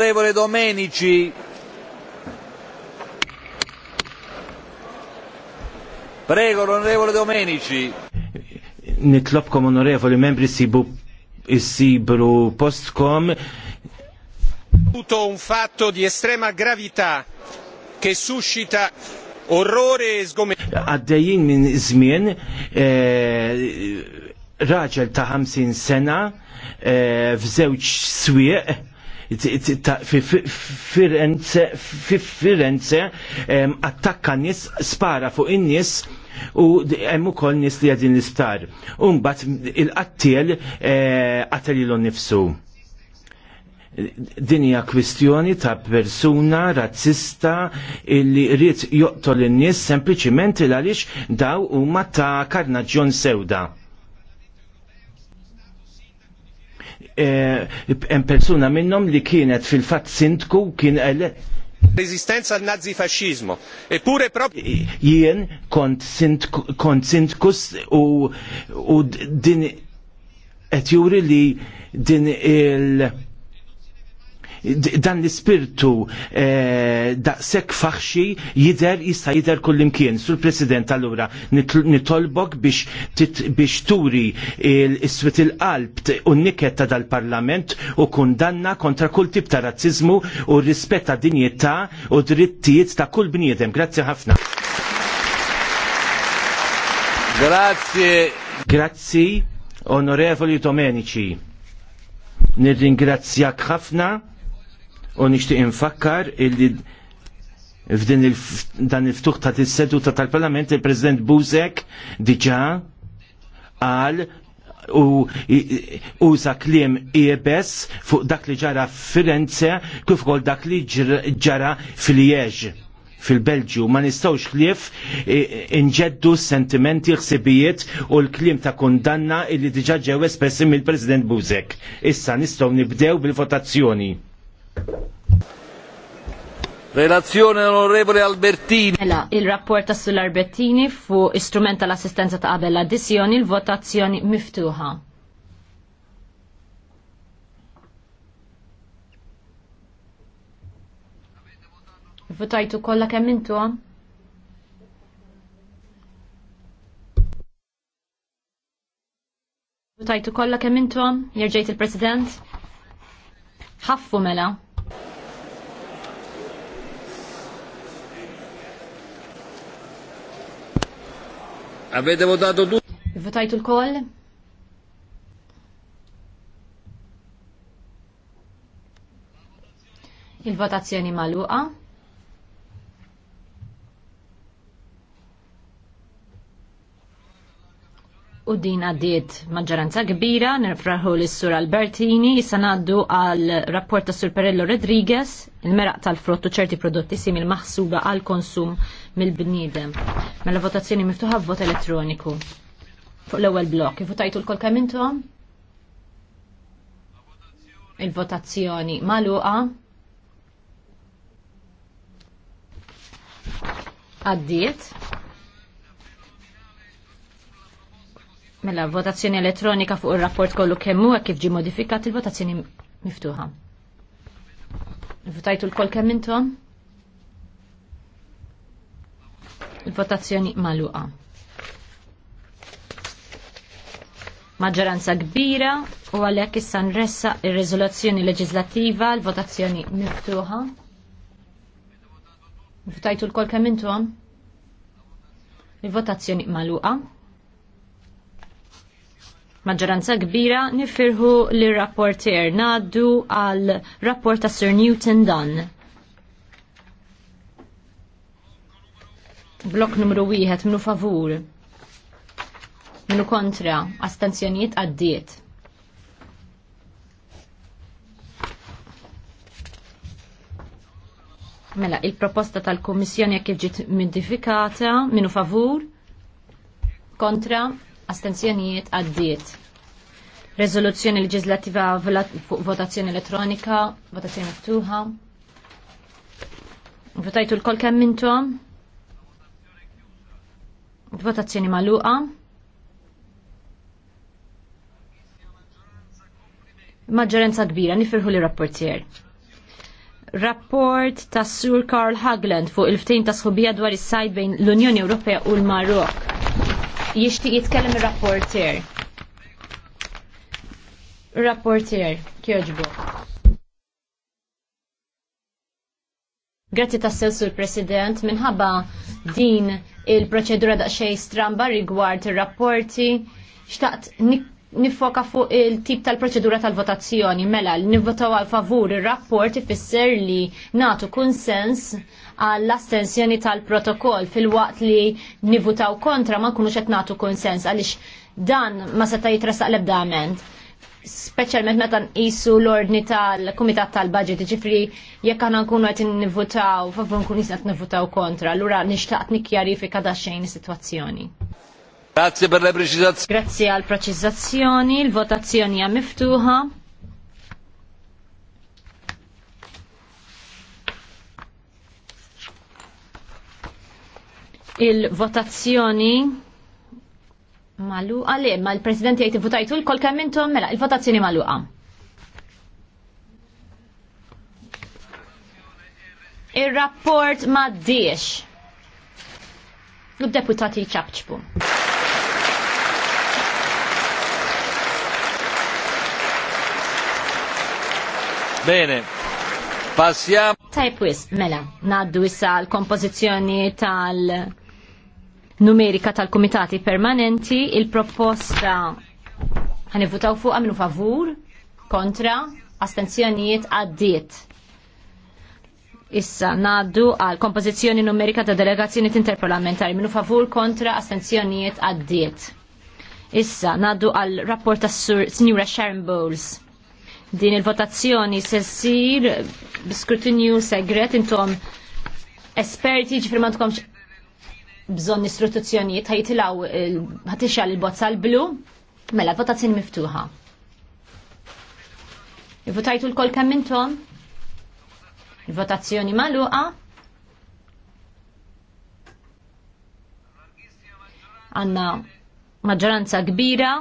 Onorevole Domenici. Prego, onorevole Domenici. Nitlobkom onorevoli membri sibu issibru postkom. Un fatto di estrema gravità che suscita orrore e sgomento. Addejin minn żmien eh, raġel ta' 50 sena eh, f'żewġ swieq fi Firenze attakka nis, spara fuq in-nies u hemm ukoll nies li qegħdin l-isptar. U mbagħad il-qattiel qatelilu eh, nnifsu. Din hija kwistjoni ta' persuna razzista illi rrid joqtol in-nies sempliċiment għaliex daw huma ta' karnaġġjon sewda Eh, hemm persuna minnhom li kienet fil-fatt sindku kien Rezistenza għal nazifasċizmu. Eppure proprio. Jien kont sindkus u, u din Et juri li din il- dan l-ispirtu eh, daqshekk faħxi jidher jista' jidher kullimkien. Sur President allura nitolbok biex turi is-swit il-qalb u n-niket ta' dal-Parlament u kundanna kontra kull tip ta' razzizmu u rispetta dinjità u drittijiet ta' kull bniedem. Grazzi ħafna. Grazie. Grazzi, onorevoli Domenici. Nirringrazzjak ħafna u nixtieq infakkar illi f'din il dan il-ftuħ ta' tis-seduta tal-Parlament il-President Buzek diġa' qal u uża kliem iebes fuq dak li ġara Firenze kif ukoll dak li ġara fil-Jeġ fil-Belġju ma nistawx klif inġeddu sentimenti ħsibijiet u l-klim ta' kundanna illi diġa ġew espressi mill-President Buzek. Issa nistgħu nibdew bil-votazzjoni. Relazzjoni onorevole Albertini. Mela, il-rapport tas sull-Albertini fu istrumenta tal-assistenza ta' qabel addizjoni il-votazzjoni miftuħa. Votajtu kollha kemm intuhom? Votajtu kollha kemm intuhom? Jerġejt il-President? Ħaffu mela. Avete votato tutti? Votajtu l-koll? Il-votazzjoni maluqa. U din għaddiet maġġoranza kbira, nerfraħu l sur Albertini, issa ngħaddu għal rapport ta' Sur Perello Rodriguez, il-meraq tal-frott u ċerti prodotti simil maħsuba għal konsum mill-bniedem. Mela votazzjoni miftuħa vot elettroniku. Fuq l-ewwel blok, votajtu l-kol kemm intom? Il-votazzjoni maluqa. Għaddiet. Mela votazzjoni elettronika fuq ir-rapport kollu kemm huwa kif ġi modifikat il-votazzjoni miftuħa. Votajtu l-kol kemm intom? Il-votazzjoni maluqa. Maġġoranza kbira u għalhekk issa nressa ir-riżoluzzjoni leġislattiva l-votazzjoni miftuħa. Votajtu l-kol kemm intuhom? Il-votazzjoni maluqa. Maġġoranza kbira nifirħu l-rapporter ngħaddu għal rapport ta' Sir Newton Dunn. Blok numru wieħed minnu favur. Minnu kontra, astenzjonijiet għaddiet. Mela, il-proposta tal komissjoni jekk ġiet modifikata minnu favur, kontra, astenzjonijiet għaddiet. Rezoluzzjoni leġislativa votazzjoni elettronika, votazzjoni miftuħa. Votajtu l-kol kemm intom? Votazzjoni maluqa. Maġġoranza kbira nifirħu li rapportier. Rapport ta' Sur Karl Hagland fuq il-ftejn ta' sħubija dwar is-sajd bejn l-Unjoni Ewropea u l-Marok. Jixtieq jitkellem ir-rapportier. Rapportier, kjoġbu. Grazzi tassew sur President, minħabba din il-proċedura daqsxejn stramba rigward ir-rapporti. Xtaqt nifoka fuq il-tip tal-proċedura tal-votazzjoni. Mela, nivvotaw għal favur il-rapport ifisser li natu konsens għall-astensjoni tal-protokoll fil-waqt li nivvotaw kontra ma nkunux qed natu konsens għaliex dan ma seta' jitrasaq l-ebda speċjalment meta nqisu l-ordni tal-Kumitat tal-Budget, ġifri jekk għana nkunu qed nivvutaw, favur nkun qed nivutaw kontra, allura nikjari fi kada xejn is-sitwazzjoni. Grazie per le precisazioni. Grazie għal preċizzazzjoni, il-votazzjoni hija miftuħa. Il-votazzjoni Maluqa li, ma l-President jgħid votajtu l-kol kemm intom mela il-votazzjoni maluqa. Ir-rapport ma diex. L-deputati ċabċbu. Bene. Passiamo. Tajpwis, mela, naddu issa l-kompożizzjoni tal- numerika tal-Kumitati Permanenti, il-proposta ħanivvutaw fuq għamlu favur, kontra, astenzjonijiet għaddiet. Issa naddu għal kompożizzjoni numerika ta' delegazzjoni interparlamentari minu favur kontra astenzjonijiet għaddiet. Issa naddu għal rapport ta' Signora Sharon Bowles din il-votazzjoni se ssir biskrutinju segret intom esperti ġifir bżonn istituzzjonijiet ħajtilaw eh, ħatixal il-bozza l-blu, mela l-votazzjoni miftuħa. Votajtu l-kol kemm intom? Il-votazzjoni magħluqa. Għanna maġġoranza kbira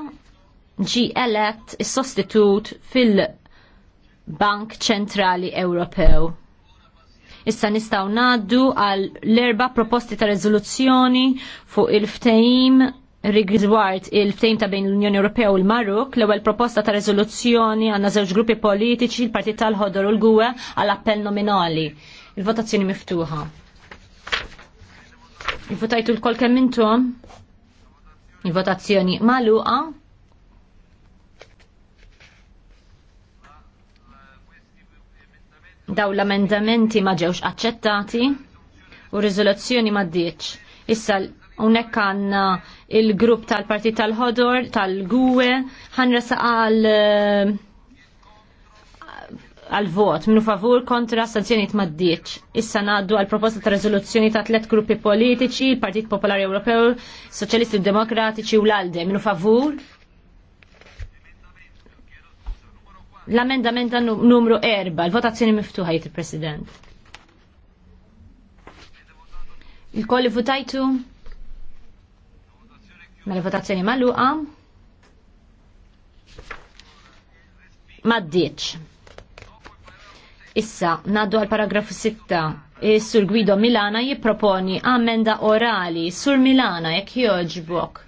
ġi elett is-sostitut fil-Bank Ċentrali Ewropew. Issa nistgħu ngħaddu għal l-erba proposti ta' rezoluzzjoni fuq il-ftehim rigward il-ftehim ta' bejn l-Unjoni Ewropea u l-Marok, l-ewwel proposta ta' rezoluzzjoni għandna żewġ gruppi politiċi, il-Partit tal-Ħodor u l-Gwe għal appell nominali. Il-votazzjoni miftuħa. Il-votajtu l-kol kemm intom? Il-votazzjoni maluqa. Daw l-amendamenti ma ġewx aċċettati u riżoluzzjoni ma ddiċ. Issa unek għanna il-grupp tal-Partit tal-Ħodor, tal-Gwe, ħanresa għal eh, għal-vot minu favur kontra sanzjoniet maddiċ. Issa naddu għal-proposta ta' rezoluzzjoni ta' tlet gruppi politiċi, il-Partit Popolari Ewropew, Soċjalisti Demokratiċi u l-Alde. Minu favur L-amendament numru 4, l-votazzjoni miftuħa jgħid il-President. Il-kolli votajtu? Mela votazzjoni magħluqa? Maddiċ. Issa, naddu għal paragrafu 6. Is-Sur Guido Milana jipproponi amenda orali. Sur Milana, jekk joġbok.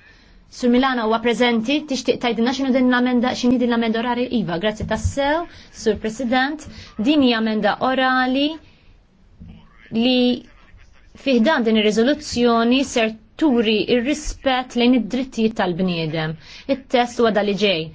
Sur Milana huwa preżenti, tixtieq tajdinna x'inhu din l-amenda x'inhi din l-amenda orali iva. Grazzi tassew, Sur President, din hija amenda orali li fiħdan din ir-riżoluzzjoni ser turi ir-rispett lejn id-drittijiet tal-bniedem. It-test huwa dali ġej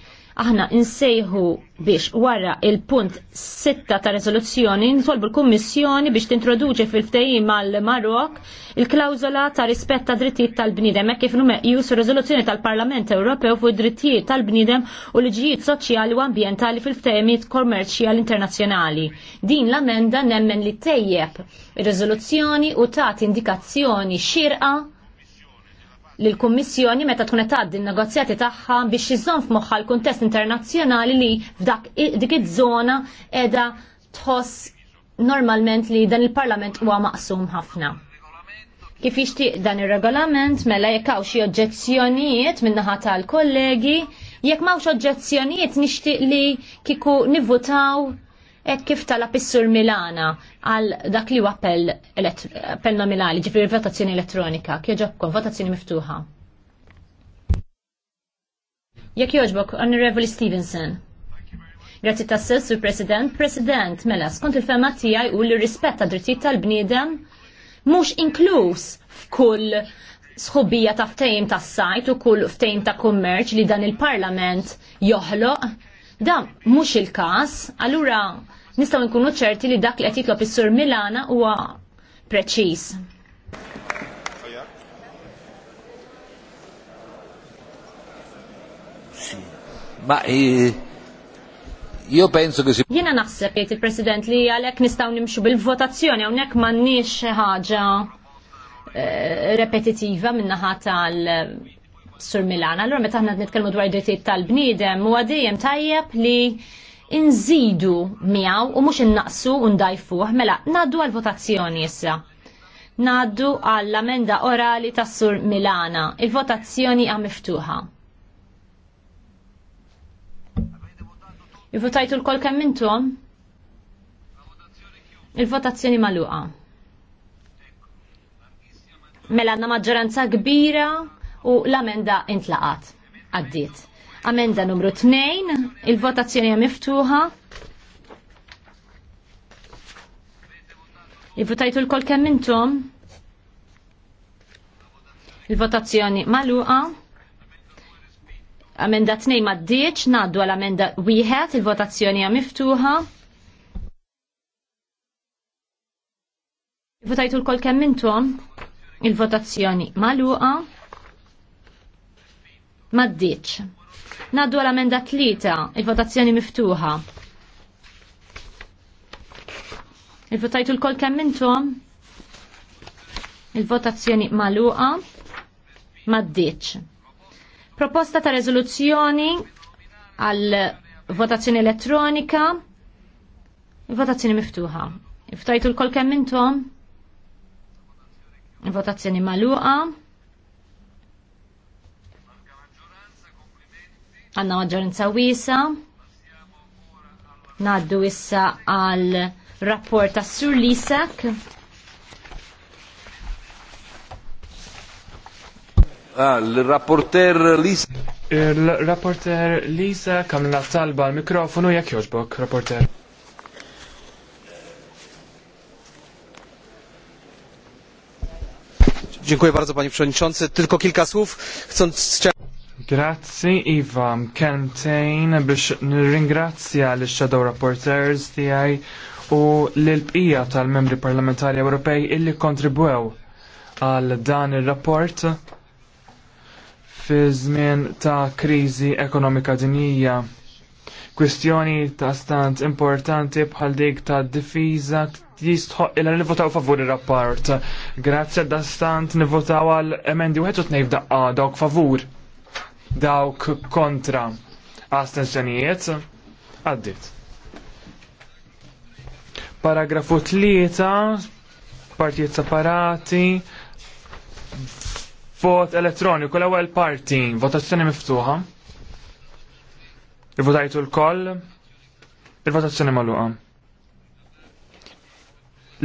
aħna insejħu biex wara il-punt 6 ta' rezoluzzjoni nitolbu l-Kummissjoni biex tintroduċi fil-ftehim mal-Marok il klawzola ta' rispett ta' drittijiet tal-bniedem hekk kif jus rezoluzzjoni tal-Parlament Ewropew fuq id-drittijiet tal-bniedem u l liġijiet soċjali u ambjentali fil-ftehimiet kommerċjali internazzjonali. Din l-amenda nemmen li tejjeb ir-riżoluzzjoni u tagħti indikazzjoni xirqa l-Kummissjoni meta tkun qed tgħaddi n-negozjati tagħha biex iżżomm f'moħħa l-kuntest internazzjonali li f'dak dik iż-żona qiegħda tħoss normalment li dan il-Parlament huwa maqsum ħafna. Kif jixtieq dan ir-regolament mela jekk hawn xi oġġezzjonijiet min-naħa tal-kollegi, jekk m'hawnx oġġezzjonijiet nixtieq li kieku nivvutaw hekk kif talab is-Sur Milana għal dak li huwa appell nominali, ġifieri votazzjoni elettronika, kieġobkom votazzjoni miftuħa. Jekk jogħġbok, Honorable Stevenson. Grazzi tassel, Sur President. President, mela, skont il-fema tijaj u l-rispet ta' drittijiet tal-bniedem, mux inkluż f'kull sħubija ta' ftejm ta' sajt u kull ftejim ta' kummerċ li dan il-parlament joħloq Da, mhux il-każ, allura nistgħu nkunu ċerti li dak li qed jitlob is-Sur Milana huwa preċiż. Ma Jo eh, penso che si... Jena naħseb jgħid il-President li għalhekk nistgħu nimxu bil-votazzjoni hawnhekk m'għandniex ħaġa eh, repetitiva minnaħa tal Sur Milan. Allora meta ħna nitkellmu dwar drittijiet tal-bniedem huwa dejjem tajjeb li inżidu miegħu u mhux innaqsu u ndajfuh mela ngħaddu għall votazzjoni issa. Ngħaddu għall-amenda orali tas-Sur Milana. Il-votazzjoni hija miftuħa. Il-votajtu l-kol kemm intom? Il-votazzjoni magħluqa. Mela għandna maġġoranza kbira u l-amenda intlaqat. Għaddiet. Amenda numru 2, il-votazzjoni hija miftuħa. Il-votajtu l-kol kemm intom? Il-votazzjoni maluqa. Amenda 2 maddiċ, naddu għal-amenda 1, il-votazzjoni hija miftuħa. Votajtu l-kol kemm intom? Il-votazzjoni maluqa. Maddiċ. Naddu għal-amenda tlita, il-votazzjoni miftuħa. Il-votajtu l-kol kemm Il-votazzjoni maluqa? Maddiċ. Proposta ta' rezoluzzjoni għal votazzjoni elettronika. Il-votazzjoni miftuħa. Il-votajtu l-kol kemm Il-votazzjoni maluqa? għanna maġġoranza wisa. Naddu issa għal rapport ta' Sur Lisak. Ah, l-rapporter Lisa. Il-rapporter Lisa kamna talba l-mikrofonu jak joġbok, rapporter. Dziękuję bardzo panie przewodniczący. Tylko kilka słów chcąc Grazzi, Iva, kemtejn biex nirringrazzja l shadow Rapporteurs tiegħi u l ilbija tal-membri parlamentari Ewropej illi kontribuew għal dan ir-rapport fi żmien ta' kriżi ekonomika dinija. Kwistjoni ta' stant importanti bħal dik ta' difiża jistħoq illa nivotaw favur ir-rapport. Grazzi da' stant nivotaw għal emendi wieħed u tnejn f'daqqa dawk favur dawk kontra astensjonijiet għaddit. Paragrafu 3, partijiet separati, vot elettroniku, l-ewwel parti, votazzjoni miftuħa. Votajtu l-koll, il-votazzjoni magħluqa.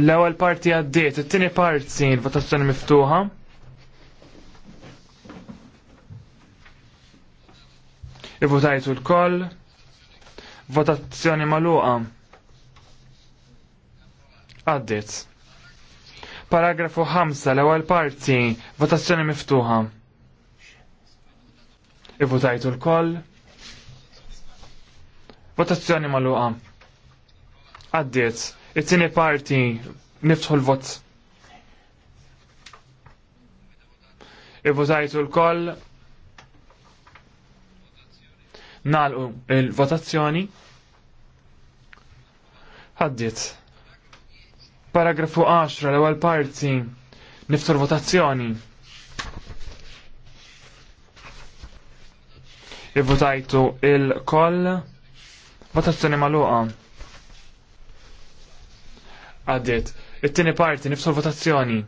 L-ewwel parti għaddiet, it-tieni parti, votazzjoni miftuħa. Ivvotajtu l-koll. Votazzjoni maluqa. Għaddit. Paragrafu 5, l-ewwel parti, votazzjoni miftuħa. Ivvotajtu l-koll. Votazzjoni maluqa. Għaddit. It-tieni parti, niftħu l-vot. Ivvotajtu l-koll nalqu il-votazzjoni. Għaddit. Paragrafu 10 l-ewwel parti niftur votazzjoni. Ivvotajtu il-koll votazzjoni magħluqa. Għaddit. It-tieni parti niftur votazzjoni.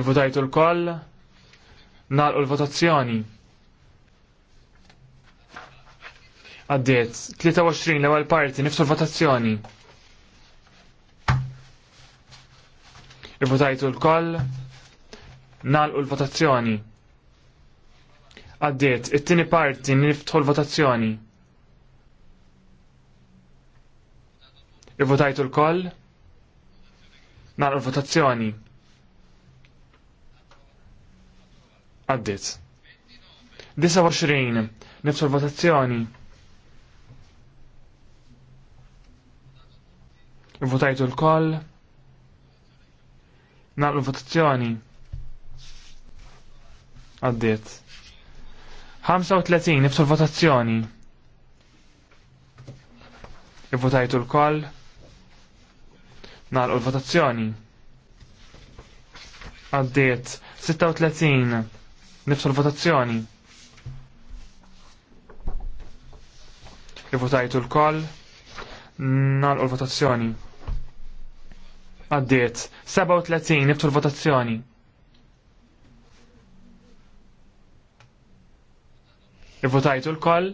Ivvotajtu l-koll nagħlqu l-votazzjoni. Għaddiet, 23 l-ewwel parti nifsu l-votazzjoni. Ivvotajtu l-koll, nagħlqu l-votazzjoni. Għaddiet, it-tieni parti niftu l-votazzjoni. Ivvotajtu l-koll, nagħlqu l-votazzjoni. Għaddit. 29. Nifsu l-votazzjoni. Votajtu l-koll. Naqlu votazzjoni. Għaddit. 35. Nifsu l-votazzjoni. Votajtu l-koll. Naqlu l-votazzjoni. Għaddit. 36 Nifsu l-votazzjoni. Ivotajtu l-koll. Nalqu l-votazzjoni. Għaddiet. 37 nifsu l-votazzjoni. Ivotajtu l-koll.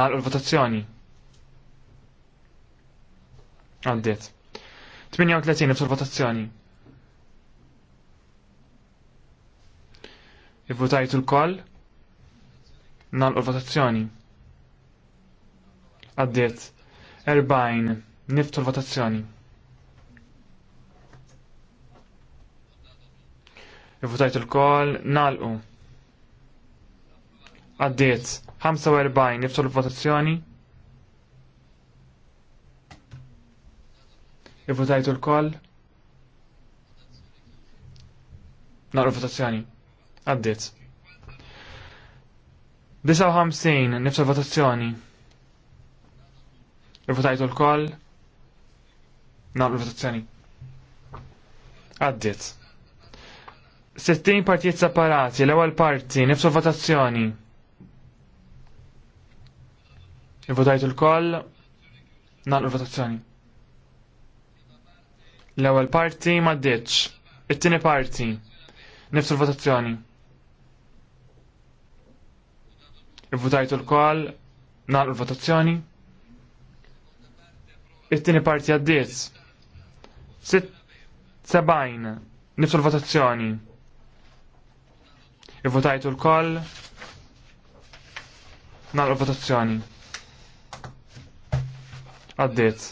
Nalqu l-votazzjoni. Għaddiet. 38 nifsu l-votazzjoni. Ivvotajtu l-koll? Nalqu votazzjoni Għaddiet. Erbajn, Niftu l-votazzjoni. Ivvotajtu l-koll? Nalqu. Għaddiet. 45. Niftu l-votazzjoni. Ivvotajtu l-koll? nal u votazzjoni Għaddit. 59, nifsa votazzjoni. Rivotajtu l-koll. Naqlu votazzjoni. Għaddit. 60 partijiet separati, l-ewwel parti, nifsa votazzjoni. Rivotajtu l-koll. Naqlu votazzjoni. L-ewwel parti ma It-tieni parti. Nifsa votazzjoni. Votajtu l-koll, nal votazzjoni It-tini parti għaddis. Sitt sebajn, nifsu l-votazzjoni. Votajtu l-koll, nal votazzjoni Għaddiet.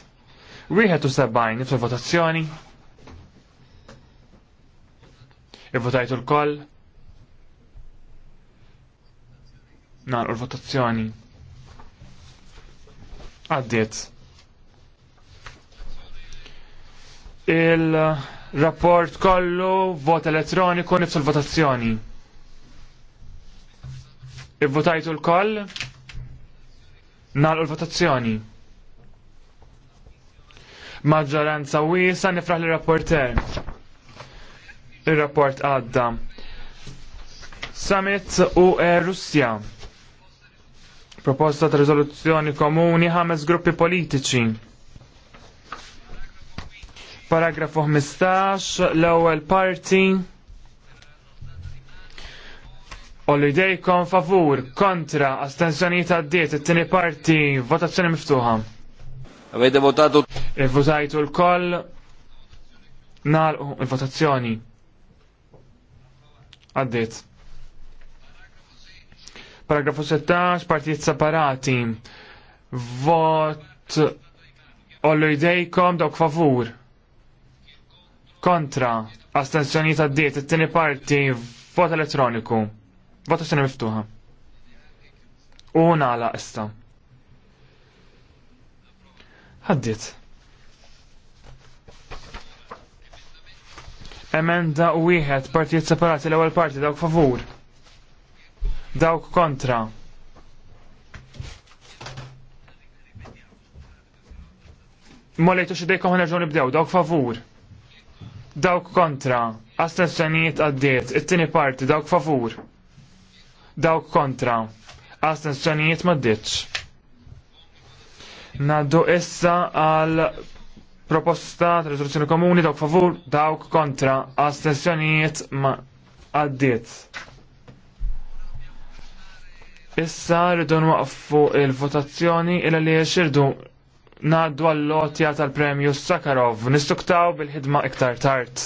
Wieħed u sebajn, nifsu l-votazzjoni. Votajtu l-koll, Nar votazzjoni. Għaddiet. Il-rapport kollu vot elettroniku nifsu l-votazzjoni. Ivvotajtu l-koll? u l-votazzjoni. Maġġoranza wiesa nifraħ l-rapporter. Il-rapport għadda. Summit u eh, Russia. Proposta ta' rizoluzzjoni komuni ħames gruppi politiċi. Paragrafu 15, l-ewwel parti. Ollu jdejkom favur, kontra, astensjoni ta' diet, it-tieni parti, votazzjoni miftuħa. Avete votato? Votajtu l-koll, nal il-votazzjoni. Għaddit. Paragrafu 16, partijiet separati. Vot ollu jdejkom dawk favur. Kontra, astensjoni ta' diet, it-tini parti, vot elettroniku. Vot astensjoni miftuħa. U nala issa. Ħaddit. Emenda u wieħed partijiet separati l-ewwel parti dawk favur dawk kontra. dejkom xidejkom ġon ibdew, dawk favur. Dawk kontra, astensjonijiet għaddiet, it-tini parti, dawk favur. Dawk kontra, astensjonijiet maddiċ. Naddu issa għal proposta ta' risoluzzjoni komuni, dawk favur, dawk kontra, astensjonijiet maddiċ. għaddiet. Issa rridu nwaqfu il-votazzjoni illa li xirdu naddu għall-lotja tal-premju Sakharov nistuktaw bil-ħidma iktar tard.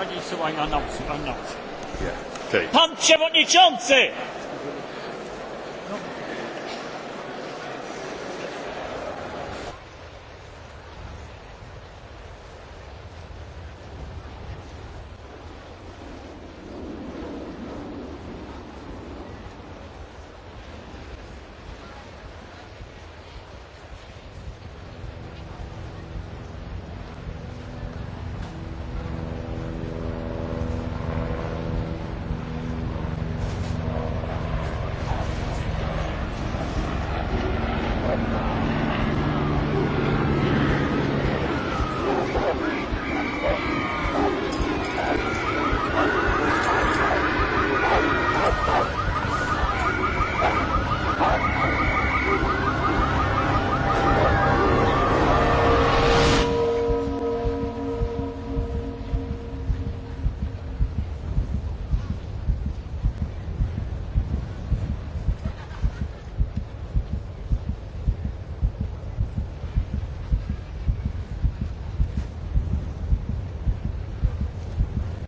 ready, announce, announce. Yeah. Okay. Pan Przewodniczący!